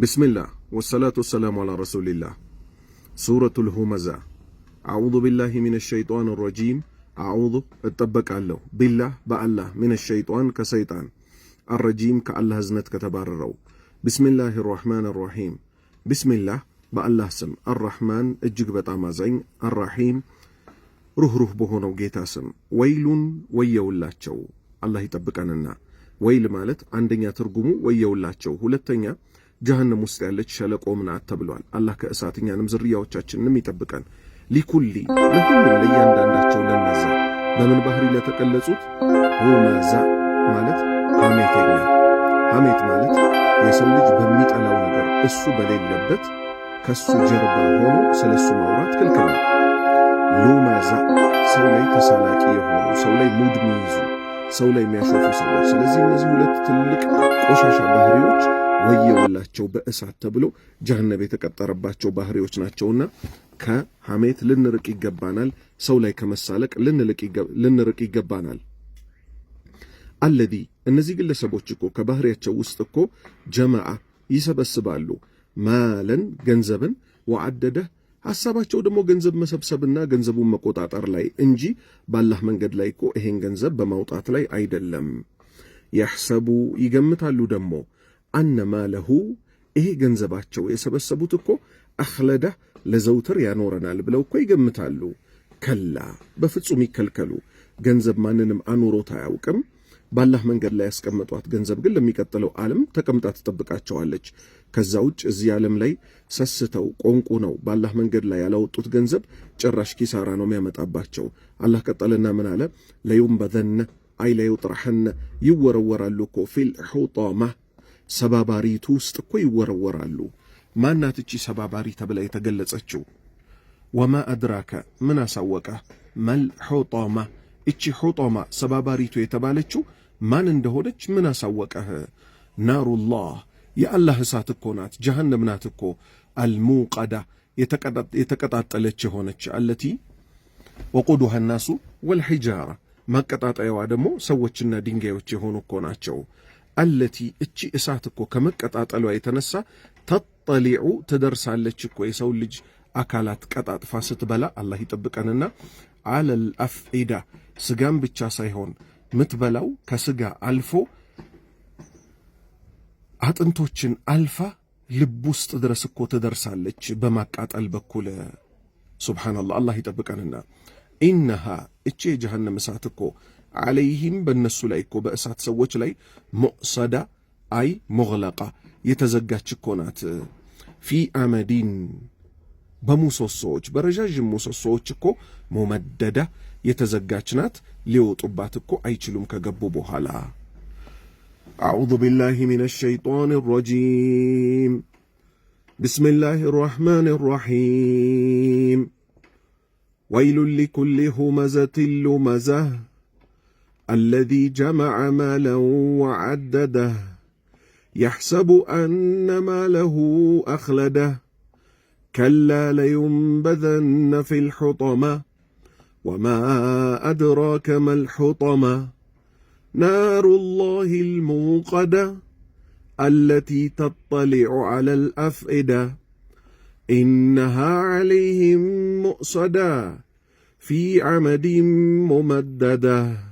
ቢስሚላህ ወሰላቱ ወሰላሙ አላ ረሱሊላህ ሱረቱል ሁመዛ አዑዙ ቢላሂ ሚነ ሸይጧን ረጂም አዑዙ እጠበቃለሁ ቢላህ በአላህ ሚነ ሸይጧን ከሰይጣን አረጂም ከአላህ ህዝነት ከተባረረው ቢስሚላህ ራህማን ራሒም ቢስሚላህ በአላህ ስም አራህማን እጅግ በጣም አዛኝ አራሒም ሩህሩህ በሆነው ጌታ ስም ወይሉን ወየውላቸው አላህ ይጠብቀንና ወይል ማለት አንደኛ ትርጉሙ ወየውላቸው ሁለተኛ ጀሃንም ውስጥ ያለች ሸለቆ ምናት ተብሏል። አላህ ከእሳት እኛንም ዝርያዎቻችንንም ይጠብቀን። ሊኩሊ ለሁሉም ለእያንዳንዳቸው ለነዛ በምን ባህሪ ለተቀለጹት ሁመዛ ማለት ሐሜተኛ። ሐሜት ማለት የሰው ልጅ በሚጠላው ነገር እሱ በሌለበት ከሱ ጀርባ ሆኖ ስለ እሱ ማውራት ክልክል ነው። ሉመዛ ሰው ላይ ተሳላቂ የሆኑ ሰው ላይ ሙድ ሚይዙ ሰው ላይ የሚያሾፉ ሰዎች። ስለዚህ እነዚህ ሁለት ትልቅ ቆሻሻ ባህሪዎች ወየውላቸው በእሳት ተብሎ ጀሃነብ የተቀጠረባቸው ባህሪዎች ናቸውና ከሐሜት ልንርቅ ይገባናል። ሰው ላይ ከመሳለቅ ልንርቅ ይገባናል። አለዚ እነዚህ ግለሰቦች እኮ ከባህሪያቸው ውስጥ እኮ ጀማዓ ይሰበስባሉ። ማለን ገንዘብን ወአደደ ሐሳባቸው ደግሞ ገንዘብ መሰብሰብና ገንዘቡን መቆጣጠር ላይ እንጂ ባላህ መንገድ ላይ እኮ ይሄን ገንዘብ በማውጣት ላይ አይደለም። ያሕሰቡ ይገምታሉ ደግሞ አነ ማለሁ ይሄ ገንዘባቸው የሰበሰቡት እኮ አኽለዳ ለዘውትር ያኖረናል ብለው እኮ ይገምታሉ። ከላ በፍጹም ይከልከሉ። ገንዘብ ማንንም አኑሮት አያውቅም። ባላህ መንገድ ላይ ያስቀመጧት ገንዘብ ግን ለሚቀጥለው ዓለም ተቀምጣ ትጠብቃቸዋለች። ከዛ ውጭ እዚህ ዓለም ላይ ሰስተው ቆንቁ ነው ባላህ መንገድ ላይ ያላወጡት ገንዘብ ጭራሽ ኪሳራ ነው የሚያመጣባቸው። አላህ ቀጠልና ምን አለ? በዘነ አይ ለዩጥራሐነ ይወረወራሉ እኮ ፊል ሑጣማ ሰባባሪቱ ውስጥ እኮ ይወረወራሉ። ማናትቺ እቺ ሰባባሪ ተብላ የተገለጸችው? ወማ አድራከ ምን አሳወቀ? መል ሑጦማ እቺ ሑጦማ ሰባባሪቱ የተባለችው ማን እንደሆነች ምን አሳወቀህ? ናሩላህ የአላህ እሳት እኮ ናት። ጀሃነም ናት እኮ አልሙቀዳ የተቀጣጠለች የሆነች አለቲ ወቁዱሃ ናሱ ወልሒጃራ ማቀጣጠያዋ ደግሞ ሰዎችና ድንጋዮች የሆኑ እኮ ናቸው። አለቲ እቺ እሳት እኮ ከመቀጣጠሏ የተነሳ ተጠሊዑ ትደርሳለች እኮ የሰው ልጅ አካላት ቀጣጥፋ ስትበላ አላህ ይጠብቀንና፣ አለል አፍዒዳ ስጋን ብቻ ሳይሆን ምትበላው ከስጋ አልፎ አጥንቶችን አልፋ ልብ ውስጥ ድረስ እኮ ትደርሳለች በማቃጠል በኩል ሱብሓነላህ። አላህ ይጠብቀንና ኢነሃ እቺ የጀሃነም እሳት እኮ አለይህም በእነሱ ላይ እኮ በእሳት ሰዎች ላይ ሙዕሰዳ አይ ሙግለቃ የተዘጋች እኮ ናት። ፊ አመዲን በሙሶሶዎች በረዣዥም ሙሰሶዎች እኮ ሞመደዳ የተዘጋች ናት። ሊወጡባት እኮ አይችሉም ከገቡ በኋላ። አዑዙ ቢላህ ሚነ ሸይጣን ረጂም ብስሚላህ ራሕማን ራሒም ወይሉን ሊኩሊ ሁመዘቲን ሉመዘህ الذي جمع مالا وعدده يحسب أن ماله أخلده كلا لينبذن في الحطمة وما أدراك ما الحطمة نار الله الموقدة التي تطلع على الأفئدة إنها عليهم مؤصدة في عمد ممدده